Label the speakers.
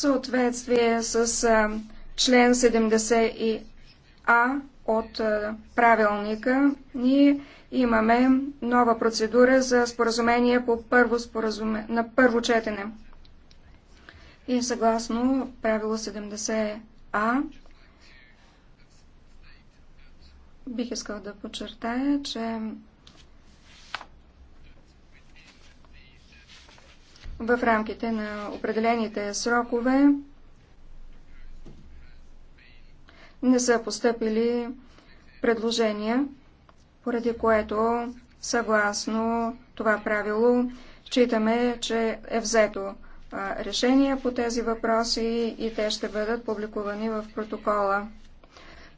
Speaker 1: съответствие с член 70А от правилника, ние имаме нова процедура за споразумение по първо споразуме... на първо четене. И съгласно правило 70А, бих искал да подчертая, че в рамките на определените срокове не са поступили предложения, поради което съгласно това правило читаме, че е взето решение по тези въпроси и те ще бъдат публикувани в протокола.